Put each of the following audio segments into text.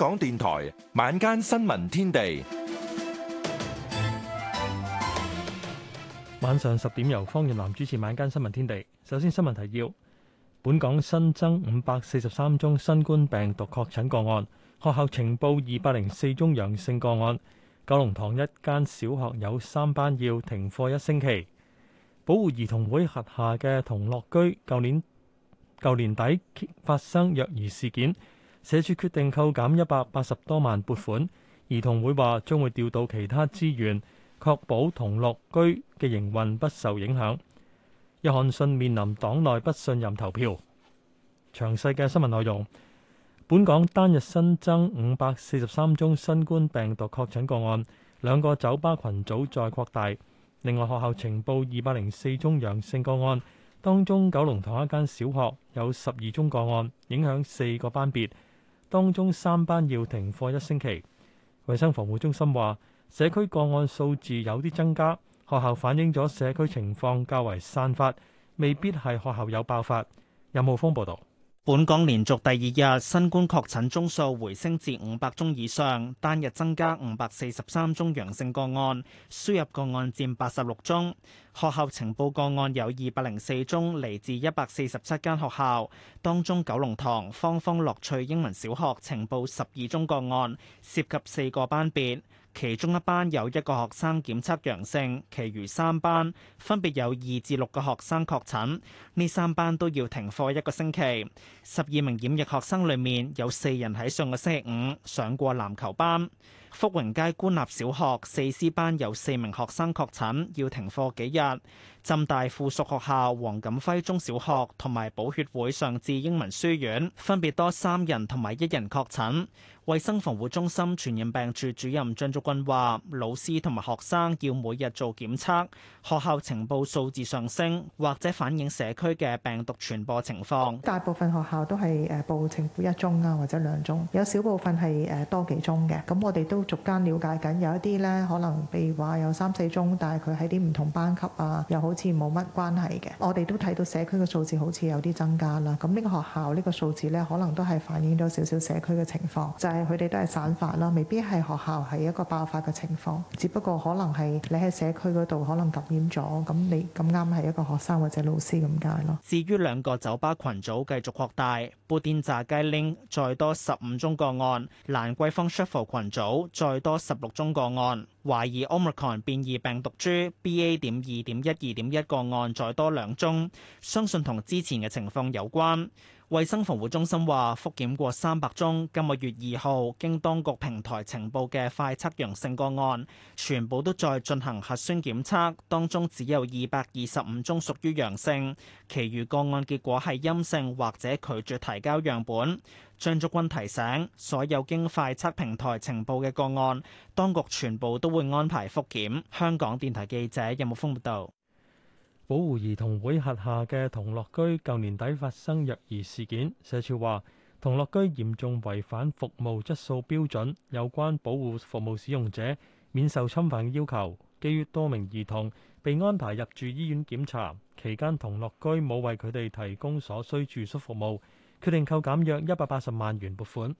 港電台晚間新聞天地，晚上十點由方艷南主持晚間新聞天地。首先新聞提要：本港新增五百四十三宗新冠病毒確診個案，學校呈報二百零四宗陽性個案。九龍塘一間小學有三班要停課一星期。保護兒童會轄下嘅同樂居，舊年舊年底發生虐兒事件。社署決定扣減一百八十多萬撥款，兒童會話將會調到其他資源，確保童樂居嘅營運不受影響。約翰遜面臨黨內不信任投票。詳細嘅新聞內容，本港單日新增五百四十三宗新冠病毒確診個案，兩個酒吧群組再擴大。另外，學校呈報二百零四宗陽性個案，當中九龍塘一間小學有十二宗個案，影響四個班別。當中三班要停課一星期。衛生防護中心話，社區個案數字有啲增加，學校反映咗社區情況較為散發，未必係學校有爆發。任浩峯報導。本港連續第二日新冠確診宗數回升至五百宗以上，單日增加五百四十三宗陽性個案，輸入個案佔八十六宗。學校呈報個案有二百零四宗，嚟自一百四十七間學校，當中九龍塘方方樂趣英文小學呈報十二宗個案，涉及四個班別。其中一班有一個學生檢測陽性，其餘三班分別有二至六個學生確診，呢三班都要停課一個星期。十二名染疫學生裏面有四人喺上個星期五上過籃球班。福榮街官立小學四師班有四名學生確診，要停課幾日。浸大附屬學校黃錦輝中小學同埋寶血會上智英文書院分別多三人同埋一人確診。衛生防護中心傳染病處主任張竹君話，老師同埋學生要每日做檢測，學校呈報數字上升或者反映社區嘅病毒傳播情況。大部分學校都係誒呈報一宗啊或者兩宗，有少部分係誒多幾宗嘅。咁我哋都。逐間了解緊，有一啲咧可能，譬如話有三四宗，但係佢喺啲唔同班級啊，又好似冇乜關係嘅。我哋都睇到社區嘅數字好似有啲增加啦。咁呢個學校呢個數字咧，可能都係反映咗少少社區嘅情況，就係佢哋都係散發啦，未必係學校係一個爆發嘅情況。只不過可能係你喺社區嗰度可能感染咗，咁你咁啱係一個學生或者老師咁解咯。至於兩個酒吧群組繼續擴大，布甸炸雞拎再多十五宗個案，蘭桂坊 Shuffle 群組。再多十六宗個案，懷疑 Omicron 變異病毒株 BA 點二點一二點一個案，再多兩宗，相信同之前嘅情況有關。衛生防護中心話，複檢過三百宗，今個月二號經當局平台呈報嘅快測陽性個案，全部都在進行核酸檢測，當中只有二百二十五宗屬於陽性，其餘個案結果係陰性或者拒絕提交樣本。張竹君提醒，所有經快測平台呈報嘅個案，當局全部都會安排複檢。香港電台記者任木峰報道。保護兒童會轄下嘅童樂居舊年底發生虐兒事件，社署話童樂居嚴重違反服務質素標準有關保護服務使用者免受侵犯嘅要求，基於多名兒童被安排入住醫院檢查期間，童樂居冇為佢哋提供所需住宿服務，決定扣減約一百八十萬元撥款。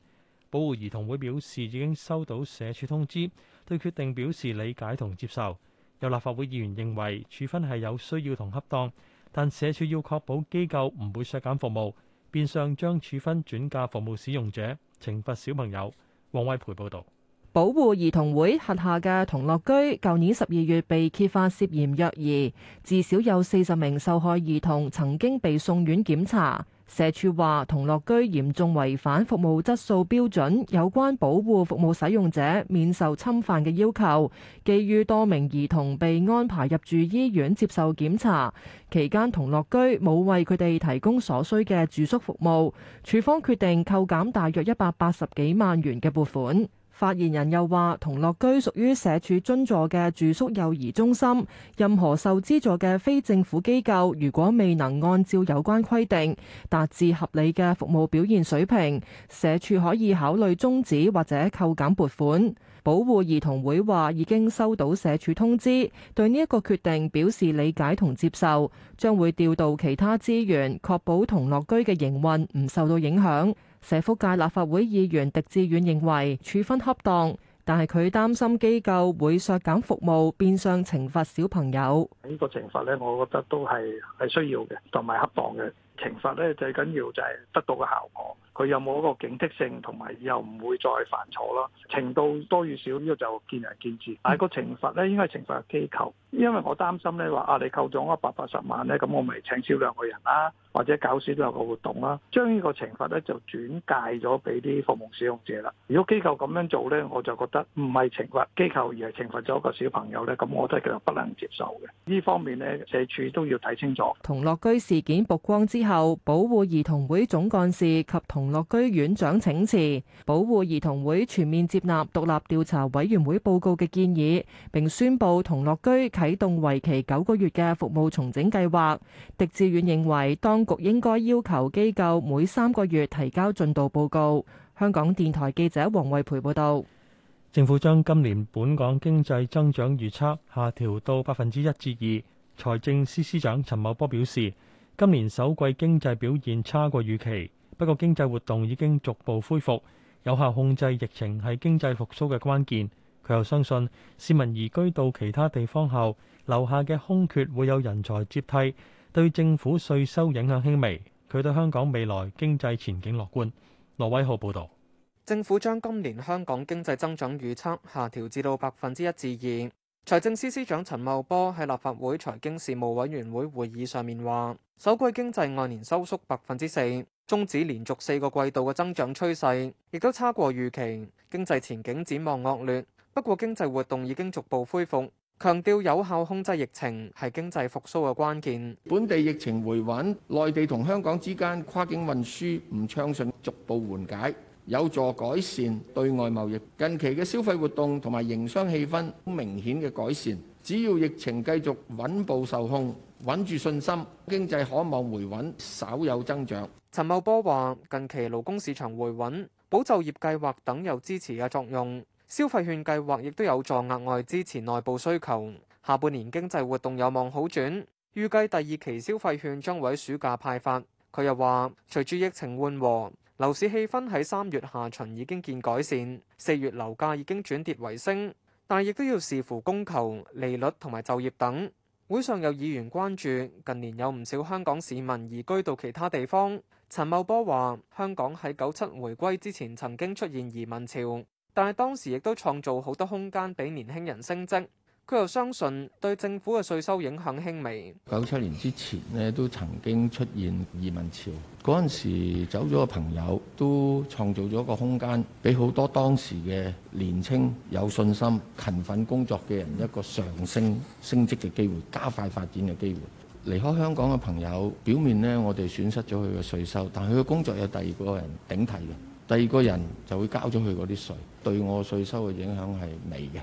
保護兒童會表示已經收到社署通知，對決定表示理解同接受。有立法會議員認為處分係有需要同恰當，但社署要確保機構唔會削減服務，變相將處分轉嫁服務使用者，懲罰小朋友。黃偉培報導，保護兒童會轄下嘅童樂居，舊年十二月被揭發涉嫌虐兒，至少有四十名受害兒童曾經被送院檢查。社署話同樂居嚴重違反服務質素標準，有關保護服務使用者免受侵犯嘅要求，基於多名兒童被安排入住醫院接受檢查期間，同樂居冇為佢哋提供所需嘅住宿服務，署方決定扣減大約一百八十幾萬元嘅撥款。發言人又話：同樂居屬於社署津助嘅住宿幼兒中心，任何受資助嘅非政府機構，如果未能按照有關規定達至合理嘅服務表現水平，社署可以考慮終止或者扣減撥款。保護兒童會話已經收到社署通知，對呢一個決定表示理解同接受，將會調度其他資源，確保同樂居嘅營運唔受到影響。社福界立法會議員狄志遠認為處分恰當，但係佢擔心機構會削減服務，變相懲罰小朋友。呢個懲罰咧，我覺得都係係需要嘅，同埋恰當嘅。懲罰咧，最緊要就係得到個效果，佢有冇一個警惕性，同埋又唔會再犯錯咯。程度多與少呢個就見仁見智。但係個懲罰咧應該係懲罰機構，因為我擔心咧話啊你扣咗一百八十萬咧，咁我咪請少兩個人啦，或者搞少兩個活動啦，將呢個懲罰咧就轉介咗俾啲服務使用者啦。如果機構咁樣做咧，我就覺得唔係懲罰機構而係懲罰咗個小朋友咧，咁我都係不能接受嘅。呢方面咧，社署都要睇清楚。同樂居事件曝光之後。後，保護兒童會總幹事及同樂居院長請辭，保護兒童會全面接納獨立調查委員會報告嘅建議，並宣布同樂居啟動為期九個月嘅服務重整計劃。狄志遠認為，當局應該要求機構每三個月提交進度報告。香港電台記者黃慧培報道。政府將今年本港經濟增長預測下調到百分之一至二。財政司司長陳茂波表示。今年首季經濟表現差過預期，不過經濟活動已經逐步恢復，有效控制疫情係經濟復甦嘅關鍵。佢又相信市民移居到其他地方後，留下嘅空缺會有人才接替，對政府稅收影響輕微。佢對香港未來經濟前景樂觀。羅偉浩報導。政府將今年香港經濟增長預測下調至到百分之一至二。財政司司長陳茂波喺立法會財經事務委員會會議上面話，首季經濟按年收縮百分之四，終止連續四個季度嘅增長趨勢，亦都差過預期，經濟前景展望惡劣。不過，經濟活動已經逐步恢復，強調有效控制疫情係經濟復甦嘅關鍵。本地疫情回穩，內地同香港之間跨境運輸唔暢順，逐步緩解。有助改善對外貿易，近期嘅消費活動同埋營商氣氛明顯嘅改善。只要疫情繼續穩步受控，穩住信心，經濟可望回穩，稍有增長。陳茂波話：近期勞工市場回穩，保就業計劃等有支持嘅作用，消費券計劃亦都有助額外支持內部需求。下半年經濟活動有望好轉，預計第二期消費券將會暑假派發，佢又話隨住疫情緩和。樓市氣氛喺三月下旬已經見改善，四月樓價已經轉跌為升，但係亦都要視乎供求、利率同埋就業等。會上有議員關注近年有唔少香港市民移居到其他地方。陳茂波話：香港喺九七回歸之前曾經出現移民潮，但係當時亦都創造好多空間俾年輕人升職。佢又相信對政府嘅稅收影響輕微。九七年之前呢，都曾經出現移民潮。嗰陣時走咗個朋友，都創造咗個空間，俾好多當時嘅年青有信心、勤奮工作嘅人一個上升升職嘅機會、加快發展嘅機會。離開香港嘅朋友，表面呢，我哋損失咗佢嘅稅收，但係佢嘅工作有第二個人頂替嘅，第二個人就會交咗佢嗰啲稅，對我稅收嘅影響係微嘅。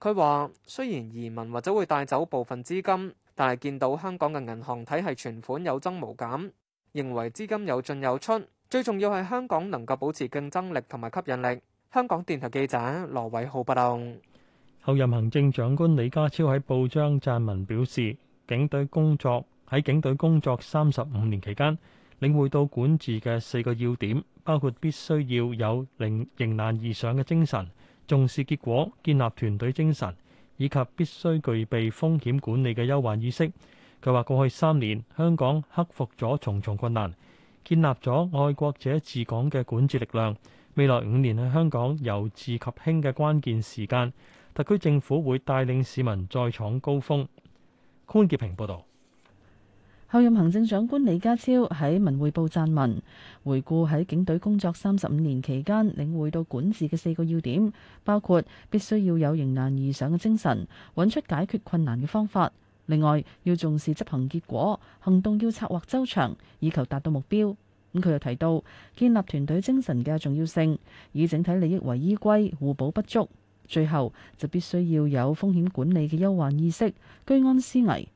佢話：雖然移民或者會帶走部分資金，但係見到香港嘅銀行體系存款有增無減，認為資金有進有出。最重要係香港能夠保持競爭力同埋吸引力。香港電台記者羅偉浩報道。候任行政長官李家超喺報章撰文表示，警隊工作喺警隊工作三十五年期間，領會到管治嘅四個要點，包括必須要有迎難而上嘅精神。重視結果，建立團隊精神，以及必須具備風險管理嘅憂患意識。佢話：過去三年，香港克服咗重重困難，建立咗愛國者治港嘅管治力量。未來五年係香港由治及興嘅關鍵時間，特區政府會帶領市民再闖高峰。潘潔平報導。候任行政長官李家超喺文匯報撰文，回顧喺警隊工作三十五年期間，領會到管治嘅四個要點，包括必須要有迎難而上嘅精神，揾出解決困難嘅方法；另外，要重視執行結果，行動要策劃周詳，以求達到目標。咁佢又提到建立團隊精神嘅重要性，以整體利益為依歸，互補不足。最後就必須要有風險管理嘅憂患意識，居安思危。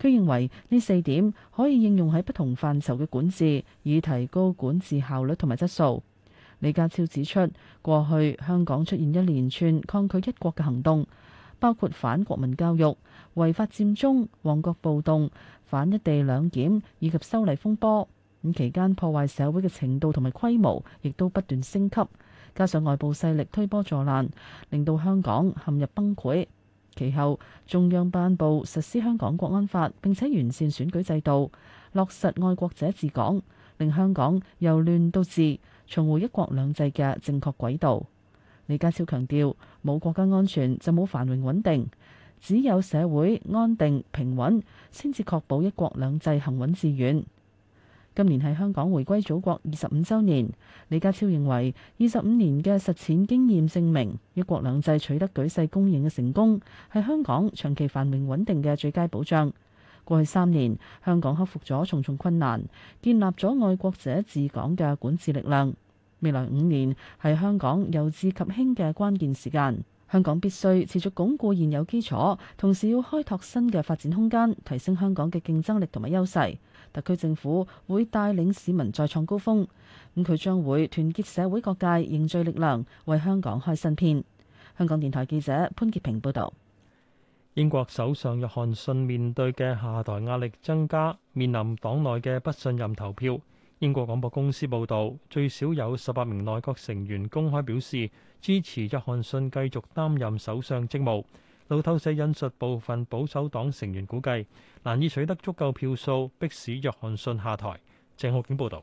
佢認為呢四點可以應用喺不同範疇嘅管治，以提高管治效率同埋質素。李家超指出，過去香港出現一連串抗拒一國嘅行動，包括反國民教育、違法佔中、旺角暴動、反一地兩檢以及修例風波，咁期間破壞社會嘅程度同埋規模亦都不斷升級，加上外部勢力推波助瀾，令到香港陷入崩潰。其後，中央頒布實施香港國安法，並且完善選舉制度，落實愛國者治港，令香港由亂到治，重回一國兩制嘅正確軌道。李家超強調，冇國家安全就冇繁榮穩定，只有社會安定平穩，先至確保一國兩制行穩致遠。今年係香港回歸祖國二十五周年。李家超認為，二十五年嘅實踐經驗證明，一國兩制取得舉世公認嘅成功，係香港長期繁榮穩定嘅最佳保障。過去三年，香港克服咗重重困難，建立咗愛國者治港嘅管治力量。未來五年係香港由治及興嘅關鍵時間，香港必須持續鞏固現有基礎，同時要開拓新嘅發展空間，提升香港嘅競爭力同埋優勢。特區政府會帶領市民再創高峰，咁佢將會團結社會各界凝聚力量，為香港開新篇。香港電台記者潘潔平報導。英國首相約翰遜面對嘅下台壓力增加，面臨黨內嘅不信任投票。英國廣播公司報導，最少有十八名內閣成員公開表示支持約翰遜繼續擔任首相職務。路透社引述部分保守黨成員估計，難以取得足夠票數，迫使約翰遜下台。鄭浩景報道。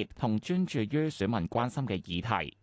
同專注於選民關心嘅議題。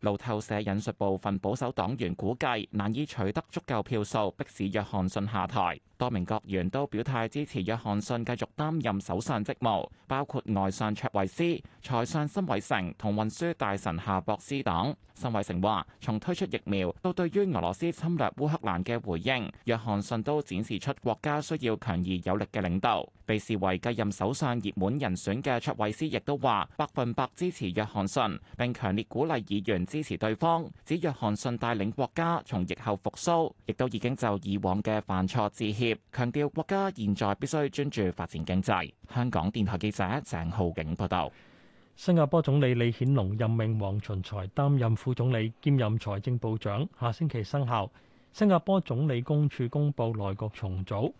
路透社引述部分保守黨員估計難以取得足夠票數迫使約翰遜下台。多名閣員都表態支持約翰遜繼續擔任首相職務，包括外相卓維斯、財相辛偉成同運輸大臣夏博斯等。辛偉誠話：從推出疫苗到對於俄羅斯侵略烏克蘭嘅回應，約翰遜都展示出國家需要強而有力嘅領導。被視為繼任首相熱門人選嘅卓慧思亦都話百分百支持約翰遜，並強烈鼓勵議員支持對方，指約翰遜帶領國家從疫後復甦，亦都已經就以往嘅犯錯致歉，強調國家現在必須專注發展經濟。香港電台記者鄭浩景報道。新加坡總理李顯龍任命黃循財擔任副總理兼任財政部長，下星期生效。新加坡總理公署公布內閣重組。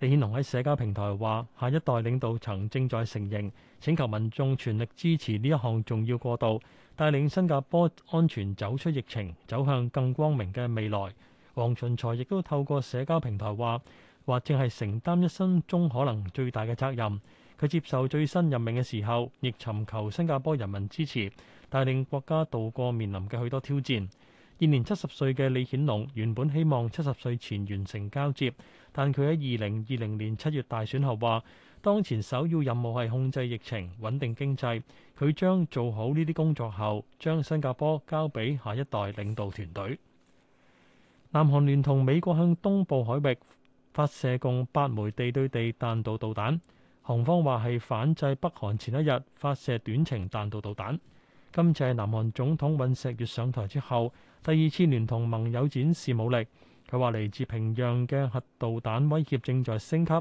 李顯龍喺社交平台話：下一代領導層正在成形，請求民眾全力支持呢一項重要過渡，帶領新加坡安全走出疫情，走向更光明嘅未來。黃循財亦都透過社交平台話：話正係承擔一生中可能最大嘅責任。佢接受最新任命嘅時候，亦尋求新加坡人民支持，帶領國家度過面臨嘅許多挑戰。現年七十歲嘅李顯龍原本希望七十歲前完成交接，但佢喺二零二零年七月大選後話，當前首要任務係控制疫情、穩定經濟。佢將做好呢啲工作後，將新加坡交俾下一代領導團隊。南韓聯同美國向東部海域發射共八枚地對地彈道導彈。韓方話係反制北韓前一日發射短程彈道導彈。今次係南韓總統尹錫悅上台之後第二次聯同盟友展示武力。佢話嚟自平壤嘅核導彈威脅正在升級，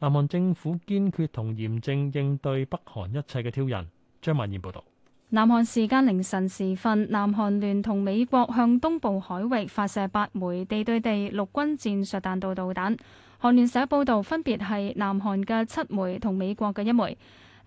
南韓政府堅決同嚴正應對北韓一切嘅挑釁。張文燕報導。南韓時間凌晨時分，南韓聯同美國向東部海域發射八枚地對地陸軍戰術彈道導彈。韓聯社報導，分別係南韓嘅七枚同美國嘅一枚。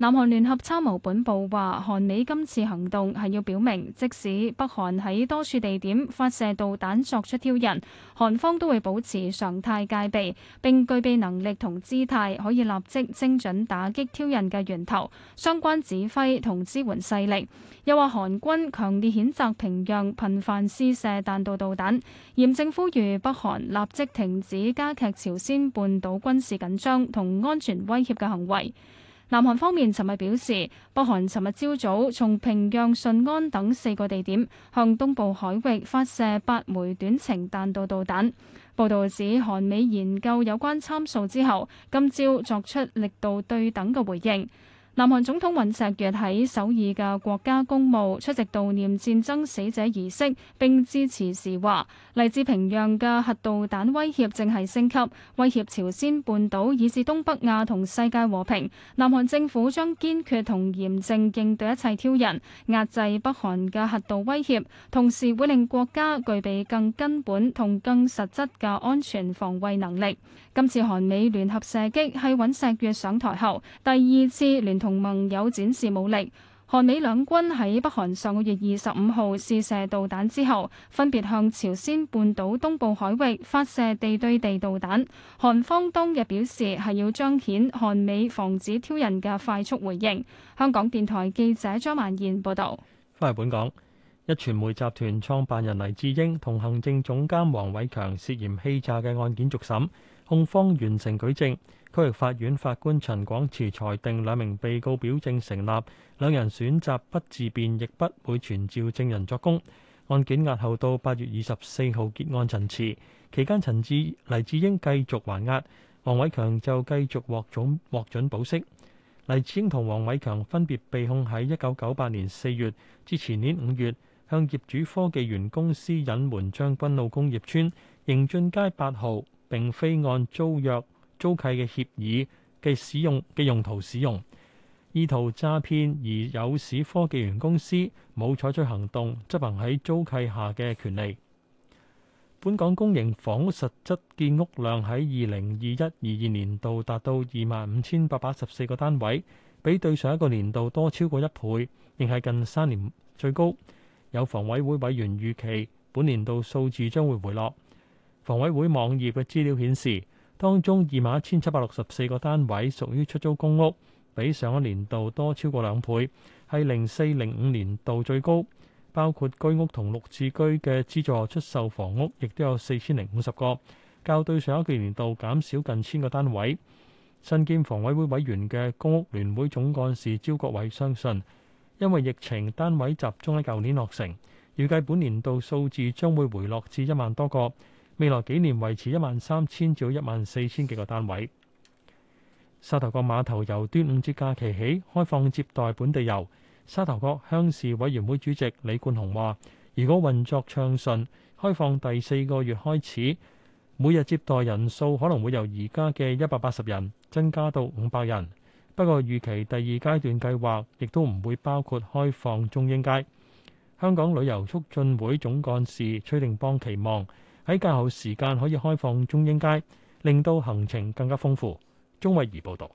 南韓聯合參謀本部話：韓美今次行動係要表明，即使北韓喺多處地點發射導彈作出挑釁，韓方都會保持常態戒備，並具備能力同姿態可以立即精準打擊挑釁嘅源頭、相關指揮同支援勢力。又話韓軍強烈譴責平壤頻繁試射彈道導彈，嚴正呼籲北韓立即停止加劇朝鮮半島軍事緊張同安全威脅嘅行為。南韓方面尋日表示，北韓尋日朝早從平壤、順安等四個地點向東部海域發射八枚短程彈道導彈。報道指，韓美研究有關參數之後，今朝作出力度對等嘅回應。南韓總統尹錫悦喺首爾嘅國家公墓出席悼念戰爭死者儀式，並致辭時話：嚟自平壤嘅核導彈威脅正係升級，威脅朝鮮半島以至東北亞同世界和平。南韓政府將堅決同嚴正應對一切挑釁，壓制北韓嘅核導威脅，同時會令國家具備更根本同更實質嘅安全防衞能力。今次韓美聯合射擊係尹錫悦上台後第二次聯。同盟友展示武力，韓美兩軍喺北韓上個月二十五號試射導彈之後，分別向朝鮮半島東部海域發射地對地導彈。韓方當日表示係要彰顯韓美防止挑釁嘅快速回應。香港電台記者張曼燕報導。返嚟本港，壹傳媒集團創辦人黎智英同行政總監黃偉強涉嫌欺詐嘅案件續審，控方完成舉證。區域法院法官陳廣池裁定兩名被告表證成立，兩人選擇不自辯，亦不會傳召證人作供。案件押後到八月二十四號結案陳詞期間，陳志黎智英繼續還押，黃偉強就繼續獲准獲準保釋。黎智英同黃偉強分別被控喺一九九八年四月至前年五月，向業主科技園公司隱瞞將軍澳工業村迎進街八號並非按租約。租契嘅協議嘅使用嘅用途使用，意圖詐騙，而有市科技園公司冇採取行動執行喺租契下嘅權利。本港公營房屋實質建屋量喺二零二一二二年度達到二萬五千八百八十四個單位，比對上一個年度多超過一倍，仍係近三年最高。有房委會委員預期本年度數字將會回落。房委會網頁嘅資料顯示。當中二萬一千七百六十四個單位屬於出租公屋，比上一年度多超過兩倍，係零四零五年度最高。包括居屋同綠置居嘅資助出售房屋，亦都有四千零五十個，較對上一個年度減少近千個單位。新建房委會委員嘅公屋聯會總幹事招國偉相信，因為疫情單位集中喺舊年落成，預計本年度數字將會回落至一萬多個。未來幾年維持一萬三千至一萬四千幾個單位。沙頭角碼頭由端午節假期起開放接待本地遊。沙頭角鄉事委員會主席李冠雄話，如果運作暢順，開放第四個月開始，每日接待人數可能會由而家嘅一百八十人增加到五百人。不過預期第二階段計劃亦都唔會包括開放中英街。香港旅遊促進會總幹事崔定邦期望。喺假後時間可以開放中英街，令到行程更加豐富。鍾慧儀報道，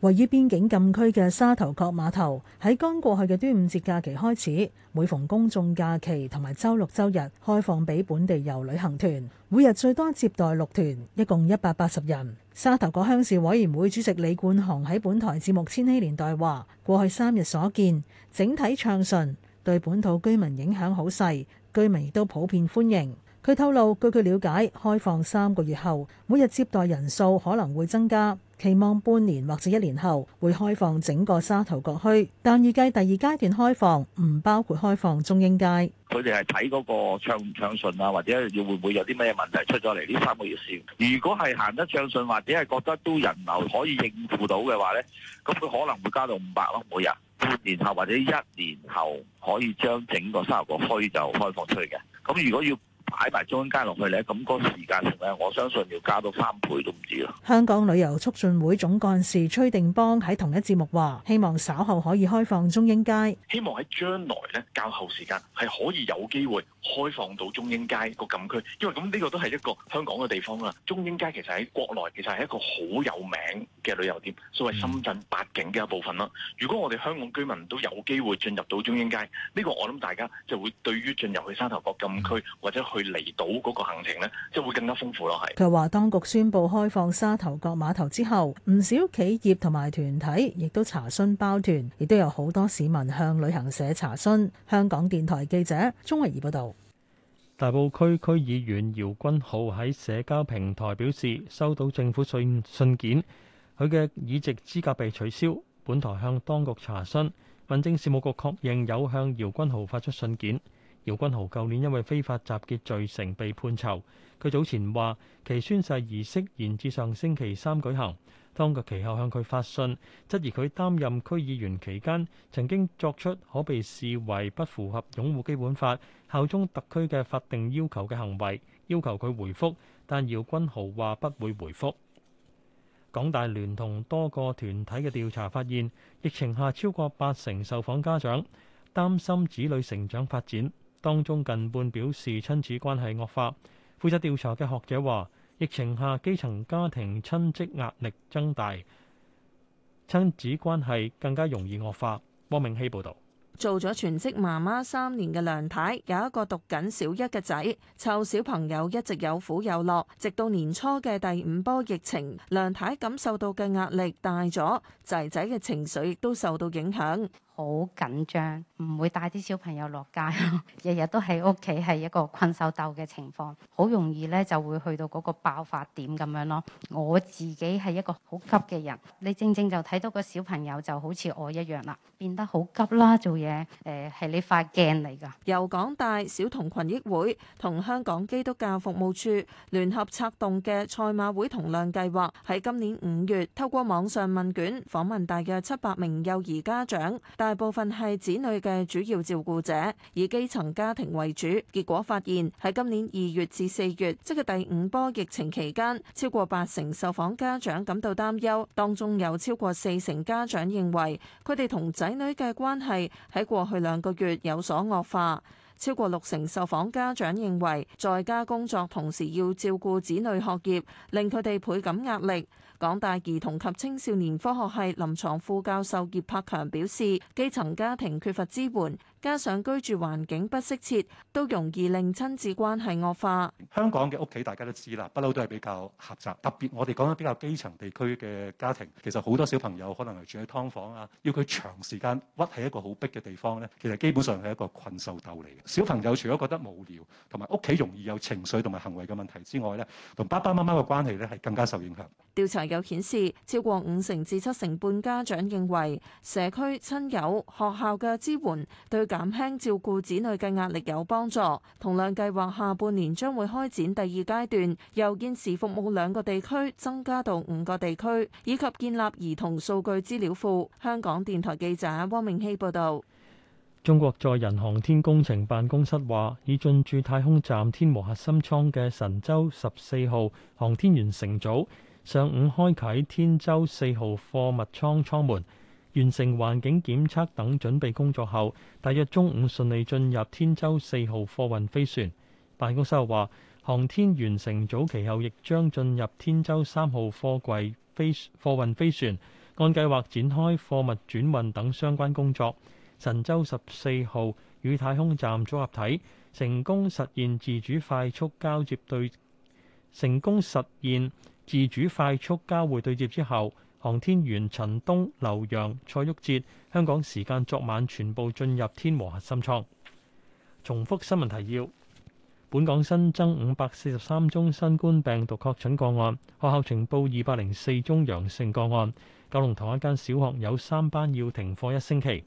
位於邊境禁區嘅沙頭角碼頭喺剛過去嘅端午節假期開始，每逢公眾假期同埋周六周日開放俾本地遊旅行團，每日最多接待六團，一共一百八十人。沙頭角鄉事委員會主席李冠雄喺本台節目《千禧年代》話，過去三日所見整體暢順，對本土居民影響好細，居民都普遍歡迎。佢透露，據據了解，開放三個月後，每日接待人數可能會增加，期望半年或者一年後會開放整個沙頭角區，但預計第二階段開放唔包括開放中英街。佢哋係睇嗰個暢唔暢順啊，或者要會唔會有啲咩問題出咗嚟呢三個月先。如果係行得暢順，或者係覺得都人流可以應付到嘅話咧，咁佢可能會加到五百咯，每日半年後或者一年後可以將整個沙頭角區就開放出去嘅。咁如果要擺埋中英街落去咧，咁嗰個時間上咧，我相信要加到三倍都唔止咯。香港旅遊促進會總幹事崔定邦喺同一節目話，希望稍後可以開放中英街。希望喺將來咧，較後時間係可以有機會開放到中英街個禁區，因為咁呢個都係一個香港嘅地方啦。中英街其實喺國內其實係一個好有名嘅旅遊點，所謂深圳八景嘅一部分啦。如果我哋香港居民都有機會進入到中英街，呢、這個我諗大家就會對於進入去沙頭角禁區或者去嚟到嗰個行程咧，即係會更加豐富咯。係佢話當局宣佈開放沙頭角碼頭之後，唔少企業同埋團體亦都查詢包團，亦都有好多市民向旅行社查詢。香港電台記者鍾慧儀報道。大埔區區議員姚君豪喺社交平台表示，收到政府信信件，佢嘅議席資格被取消。本台向當局查詢，民政事務局確認有向姚君豪發出信件。姚君豪舊年因為非法集結罪成被判囚。佢早前話其宣誓儀式延至上星期三舉行。當局其後向佢發信，質疑佢擔任區議員期間曾經作出可被視為不符合擁護基本法、效忠特區嘅法定要求嘅行為，要求佢回覆。但姚君豪話不會回覆。港大聯同多個團體嘅調查發現，疫情下超過八成受訪家長擔心子女成長發展。當中近半表示親子關係惡化。負責調查嘅學者話，疫情下基層家庭親職壓力增大，親子關係更加容易惡化。汪明熙報導。做咗全職媽媽三年嘅梁太，有一個讀緊小一嘅仔，湊小朋友一直有苦有樂。直到年初嘅第五波疫情，梁太感受到嘅壓力大咗，仔仔嘅情緒亦都受到影響。好緊張，唔會帶啲小朋友落街，日日都喺屋企，係一個困獸鬥嘅情況，好容易咧就會去到嗰個爆發點咁樣咯。我自己係一個好急嘅人，你正正就睇到個小朋友就好似我一樣啦，變得好急啦，做嘢誒係呢塊鏡嚟㗎。由港大小童群益會同香港基督教服務處聯合策動嘅賽馬會童亮計劃，喺今年五月透過網上問卷訪問大約七百名幼兒家長。大部分係子女嘅主要照顧者，以基層家庭為主。結果發現，喺今年二月至四月，即係第五波疫情期間，超過八成受訪家長感到擔憂，當中有超過四成家長認為，佢哋同仔女嘅關係喺過去兩個月有所惡化。超過六成受訪家長認為，在家工作同時要照顧子女學業，令佢哋倍感壓力。港大兒童及青少年科學系臨床副教授葉柏強表示，基層家庭缺乏支援。加上居住環境不適切，都容易令親子關係惡化。香港嘅屋企大家都知啦，不嬲都係比較狹窄，特別我哋講緊比較基層地區嘅家庭，其實好多小朋友可能係住喺劏房啊，要佢長時間屈喺一個好逼嘅地方呢。其實基本上係一個困獸鬥嚟嘅。小朋友除咗覺得無聊，同埋屋企容易有情緒同埋行為嘅問題之外呢，同爸爸媽媽嘅關係咧係更加受影響。調查有顯示，超過五成至七成半家長認為社區親友、學校嘅支援對減輕照顧子女嘅壓力有幫助。同樣計劃下半年將會開展第二階段，由現時服務兩個地區增加到五個地區，以及建立兒童數據資料庫。香港電台記者汪明希報道。中國載人航天工程辦公室話，已進駐太空站天和核心艙嘅神舟十四號航天員乘組，上午開啟天舟四號貨物艙艙門。完成環境檢測等準備工作後，大約中午順利進入天舟四號貨運飛船。辦公室又話，航天完成早期後，亦將進入天舟三號貨櫃飛貨運飛船，按計劃展開貨物轉運等相關工作。神舟十四號與太空站組合體成功實現自主快速交接對，成功實現自主快速交會對接之後。航天員陳冬、劉洋、蔡旭哲，香港時間昨晚全部進入天和核心艙。重複新聞提要：本港新增五百四十三宗新冠病毒確診個案，學校呈報二百零四宗陽性個案。九龍塘一間小學有三班要停課一星期。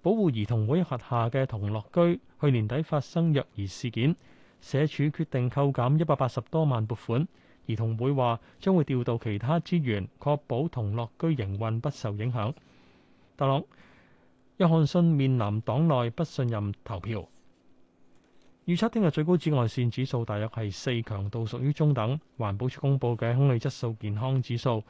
保護兒童會轄下嘅童樂居去年底發生虐兒事件，社署決定扣減一百八十多萬撥款。兒童會話將會調度其他資源，確保同樂居營運不受影響。特朗約翰遜面臨黨內不信任投票。預測聽日最高紫外線指數大約係四，強度屬於中等。環保署公佈嘅空氣質素健康指數，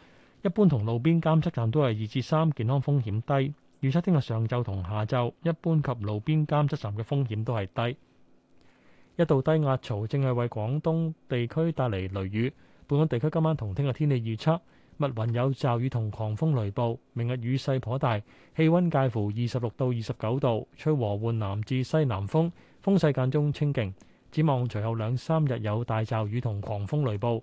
一般同路邊監測站都係二至三，健康風險低。預測聽日上晝同下晝，一般及路邊監測站嘅風險都係低。一度低壓槽正係為廣東地區帶嚟雷雨。本港地區今晚同聽日天氣預測，密雲有驟雨同狂風雷暴。明日雨勢頗大，氣温介乎二十六到二十九度，吹和緩南至西南風，風勢間中清勁。展望隨後兩三日有大驟雨同狂風雷暴，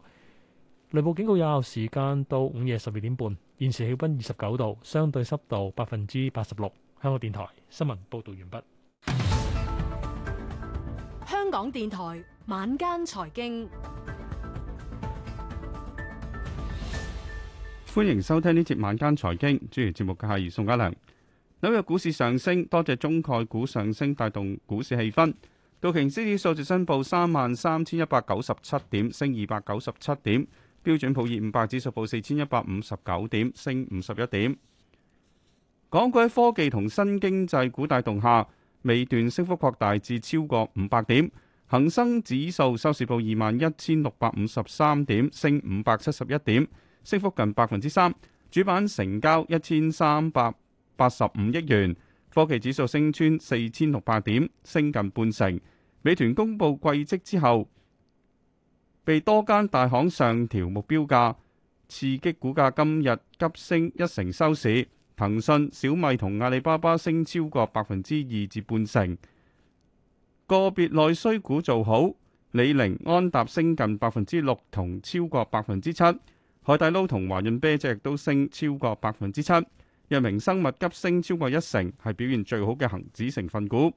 雷暴警告有效時間到午夜十二點半。現時氣温二十九度，相對濕度百分之八十六。香港電台新聞報導完畢。香港電台晚間財經。歡迎收聽呢節晚間財經，主持節目嘅係宋嘉良。紐約股市上升，多隻中概股上升帶動股市氣氛。道瓊斯指數升報三萬三千一百九十七點，升二百九十七點。標準普爾五百指數報四千一百五十九點，升五十一點。港股喺科技同新經濟股帶動下，尾段升幅擴大至超過五百點。恒生指數收市報二萬一千六百五十三點，升五百七十一點。升幅近百分之三，主板成交一千三百八十五億元，科技指數升穿四千六百點，升近半成。美團公布季績之後，被多間大行上調目標價，刺激股價今日急升一成收市。騰訊、小米同阿里巴巴升超過百分之二至半成，個別內需股做好，李寧、安踏升近百分之六同超過百分之七。海底撈同華潤啤酒都升超過百分之七，藥明生物急升超過一成，係表現最好嘅恒指成分股。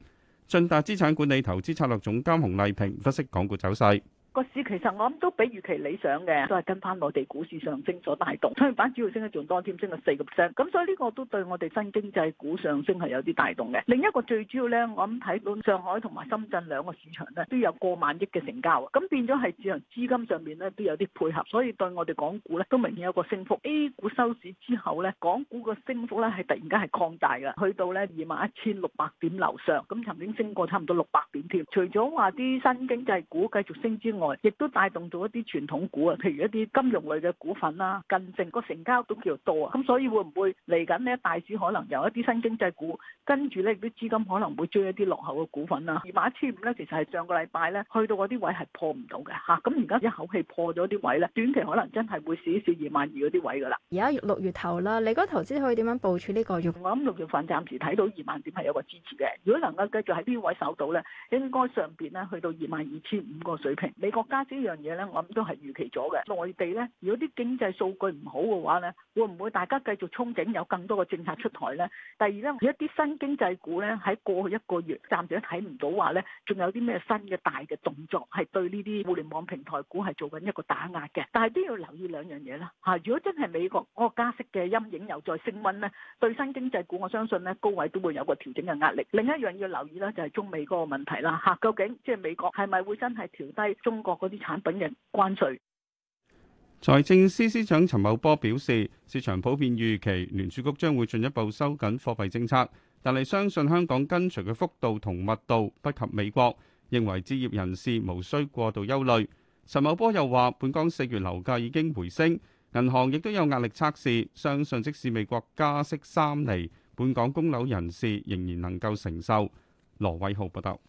信達資產管理投資策略總監洪麗萍分析港股走勢。個市其實我諗都比預期理想嘅，都係跟翻內地股市上升所帶動，創業板主要升得仲多添，升到四個 percent，咁所以呢個都對我哋新經濟股上升係有啲帶動嘅。另一個最主要呢，我諗睇到上海同埋深圳兩個市場呢，都有過萬億嘅成交。咁變咗係只係資金上面呢都有啲配合，所以對我哋港股呢，都明顯有個升幅。A 股收市之後呢，港股個升幅呢係突然間係擴大㗎，去到呢，二萬一千六百點樓上，咁曾經升過差唔多六百點添。除咗話啲新經濟股繼續升之外，亦都帶動咗一啲傳統股啊，譬如一啲金融類嘅股份啦，近成個成交都叫多啊，咁所以會唔會嚟緊呢？大市可能有一啲新經濟股，跟住呢啲都資金可能會追一啲落後嘅股份啦。二萬一千五呢，其實係上個禮拜呢去到嗰啲位係破唔到嘅嚇，咁而家一口氣破咗啲位呢，短期可能真係會少少二萬二嗰啲位噶啦。而家六月頭啦，你嗰投資可以點樣部署呢個月？我諗六月份暫時睇到二萬點係有個支持嘅，如果能夠繼續喺呢位守到呢，應該上邊呢去到二萬二千五個水平。美國加息呢樣嘢呢，我諗都係預期咗嘅。內地呢，如果啲經濟數據唔好嘅話呢，會唔會大家繼續憧憬有更多嘅政策出台呢？第二呢，一啲新經濟股呢，喺過去一個月，暫時都睇唔到話呢，仲有啲咩新嘅大嘅動作係對呢啲互聯網平台股係做緊一個打壓嘅。但係都要留意兩樣嘢啦，吓，如果真係美國嗰個加息嘅陰影又再升溫呢，對新經濟股，我相信呢，高位都會有個調整嘅壓力。另一樣要留意呢，就係、是、中美嗰個問題啦，吓，究竟即係美國係咪會真係調低中？中國嗰啲產品嘅關稅。財政司司長陳茂波表示，市場普遍預期聯儲局將會進一步收緊貨幣政策，但係相信香港跟隨嘅幅度同密度不及美國。認為置業人士無需過度憂慮。陳茂波又話，本港四月樓價已經回升，銀行亦都有壓力測試。相信即使美國加息三厘，本港供樓人士仍然能夠承受。羅偉浩報道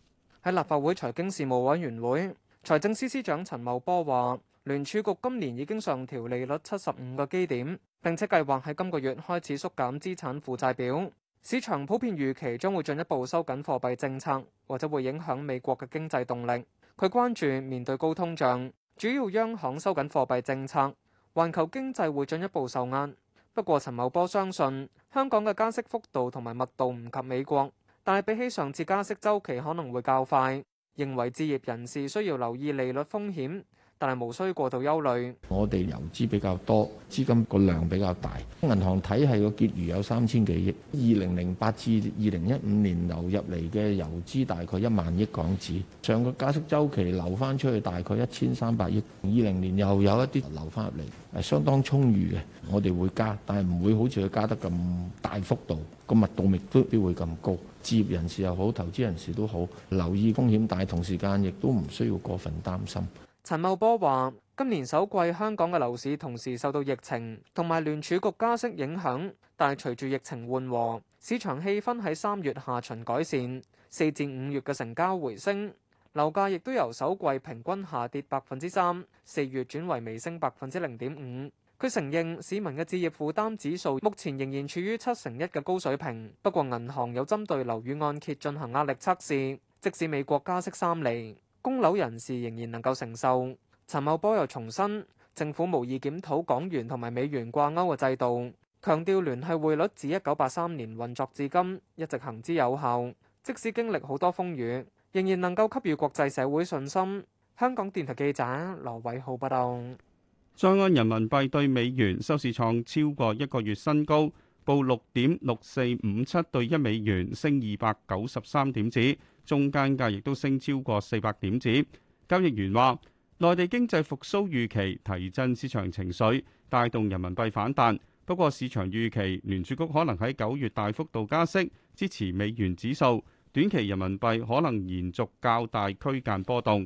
喺立法會財經事務委員會。財政司司長陳茂波話：聯儲局今年已經上調利率七十五個基點，並且計劃喺今個月開始縮減資產負債表。市場普遍預期將會進一步收緊貨幣政策，或者會影響美國嘅經濟動力。佢關注面對高通脹，主要央行收緊貨幣政策，環球經濟會進一步受壓。不過陳茂波相信，香港嘅加息幅度同埋密度唔及美國，但係比起上次加息週期可能會較快。認為置業人士需要留意利率風險，但係無需過度憂慮。我哋遊資比較多，資金個量比較大。銀行體系個結餘有三千幾億。二零零八至二零一五年流入嚟嘅遊資大概一萬億港紙，上個加息週期流返出去大概一千三百億。二零年又有一啲流返入嚟，係相當充裕嘅。我哋會加，但係唔會好似佢加得咁大幅度，個密度未必會咁高。置業人士又好，投資人士都好，留意風險大，同時間亦都唔需要過分擔心。陳茂波話：今年首季香港嘅樓市同時受到疫情同埋聯儲局加息影響，但係隨住疫情緩和，市場氣氛喺三月下旬改善，四至五月嘅成交回升，樓價亦都由首季平均下跌百分之三，四月轉為微升百分之零點五。佢承認市民嘅置業負擔指數目前仍然處於七成一嘅高水平，不過銀行有針對樓宇按揭進行壓力測試。即使美國加息三厘，供樓人士仍然能夠承受。陳茂波又重申，政府無意檢討港元同埋美元掛鈎嘅制度，強調聯繫匯率自一九八三年運作至今一直行之有效，即使經歷好多風雨，仍然能夠給予國際社會信心。香港電台記者羅偉浩報道。在岸人民幣對美元收市創超過一個月新高，報六點六四五七對一美元，升二百九十三點子，中間價亦都升超過四百點子。交易員話：內地經濟復甦預期提振市場情緒，帶動人民幣反彈。不過市場預期聯儲局可能喺九月大幅度加息，支持美元指數，短期人民幣可能延續較大區間波動。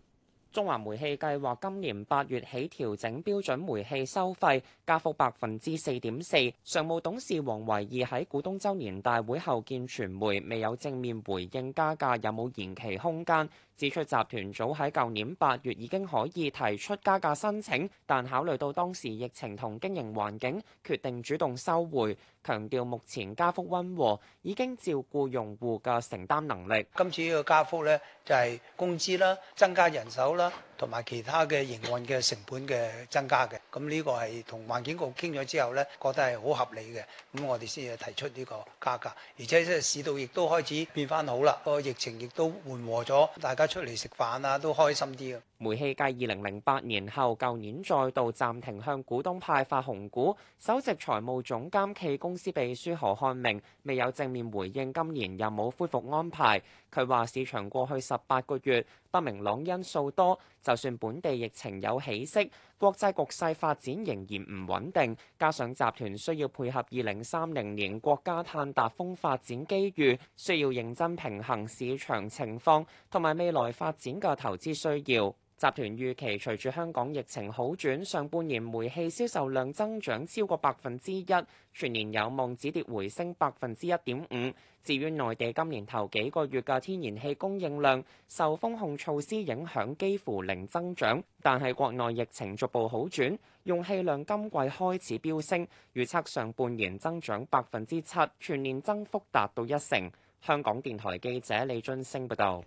中華煤氣計劃今年八月起調整標準煤氣收費，加幅百分之四點四。常務董事王維義喺股東周年大會後見傳媒，未有正面回應加價有冇延期空間，指出集團早喺舊年八月已經可以提出加價申請，但考慮到當時疫情同經營環境，決定主動收回。強調目前加幅溫和，已經照顧用戶嘅承擔能力。今次呢個加幅呢，就係工資啦，增加人手啦。同埋其他嘅營運嘅成本嘅增加嘅，咁呢個係同環境局傾咗之後咧，覺得係好合理嘅，咁我哋先至提出呢個價格，而且即係市道亦都開始變翻好啦，個疫情亦都緩和咗，大家出嚟食飯啊都開心啲啊！煤氣界二零零八年後，舊年再度暫停向股東派發紅股，首席財務總監暨公司秘書何漢明未有正面回應今年有冇恢復安排。佢話：市場過去十八個月不明朗因素多，就算本地疫情有起色，國際局勢發展仍然唔穩定，加上集團需要配合二零三零年國家碳達峰發展機遇，需要認真平衡市場情況同埋未來發展嘅投資需要。集團預期隨住香港疫情好轉，上半年煤氣銷售量增長超過百分之一，全年有望止跌回升百分之一點五。至於內地今年頭幾個月嘅天然氣供應量，受封控措施影響幾乎零增長，但係國內疫情逐步好轉，用氣量今季開始飆升，預測上半年增長百分之七，全年增幅達到一成。香港電台記者李津升報道。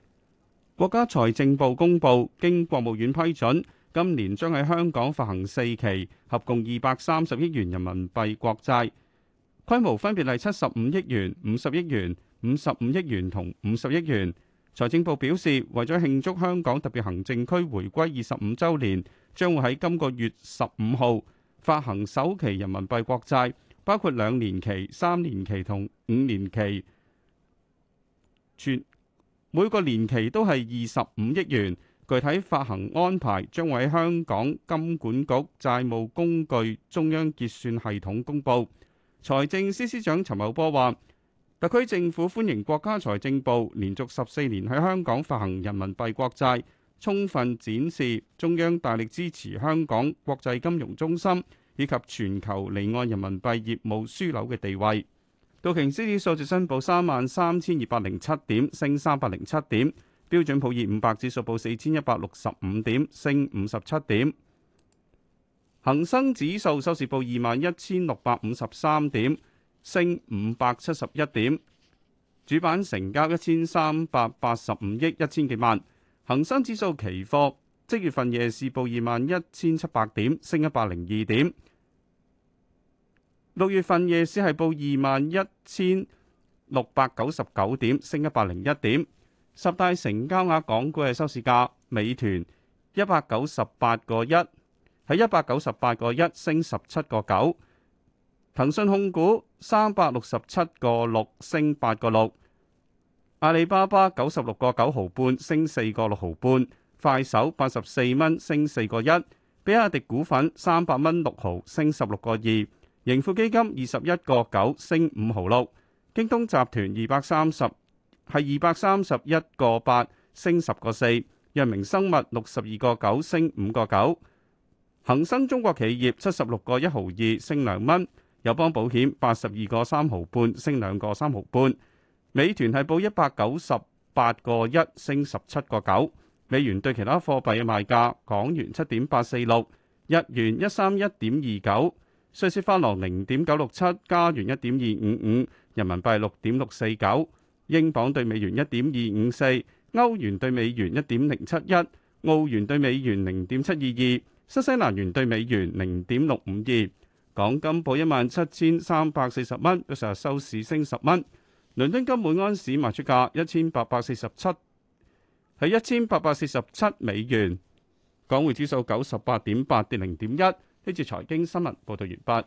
國家財政部公布，經國務院批准，今年將喺香港發行四期，合共二百三十億元人民幣國債，規模分別係七十五億元、五十億元、五十五億元同五十億元。財政部表示，為咗慶祝香港特別行政區回歸二十五周年，將會喺今個月十五號發行首期人民幣國債，包括兩年期、三年期同五年期。全每個年期都係二十五億元，具體發行安排將喺香港金管局債務工具中央結算系統公佈。財政司司長陳茂波話，特區政府歡迎國家財政部連續十四年喺香港發行人民幣國債，充分展示中央大力支持香港國際金融中心以及全球離岸人民幣業務樞紐嘅地位。道瓊斯指數最新報三萬三千二百零七點，升三百零七點；標準普爾五百指數報四千一百六十五點，升五十七點；恒生指數收市報二萬一千六百五十三點，升五百七十一點。主板成交一千三百八十五億一千幾萬。恒生指數期貨即月份夜市報二萬一千七百點，升一百零二點。六月份夜市係報二萬一千六百九十九點，升一百零一點。十大成交額港股嘅收市價，美團一百九十八個一，喺一百九十八個一升十七個九。騰訊控股三百六十七個六，6, 升八個六。阿里巴巴九十六個九毫半，5, 升四個六毫半。快手八十四蚊，升四個一。比亞迪股份三百蚊六毫，5, 升十六個二。盈富基金二十一個九升五毫六，京東集團二百三十係二百三十一個八升十個四。藥明生物六十二個九升五個九。恒生中國企業七十六個一毫二升兩蚊。友邦保險八十二個三毫半升兩個三毫半。美團係報一百九十八個一升十七個九。美元對其他貨幣嘅賣價，港元七點八四六，日元一三一點二九。瑞士法郎零點九六七，加元一點二五五，人民幣六點六四九，英鎊對美元一點二五四，歐元對美元一點零七一，澳元對美元零點七二二，新西蘭元對美元零點六五二。港金報一萬七千三百四十蚊，不時收市升十蚊。倫敦金每安士賣出價一千八百四十七，係一千八百四十七美元。港匯指數九十八點八，跌零點一。呢次財經新聞報道完畢。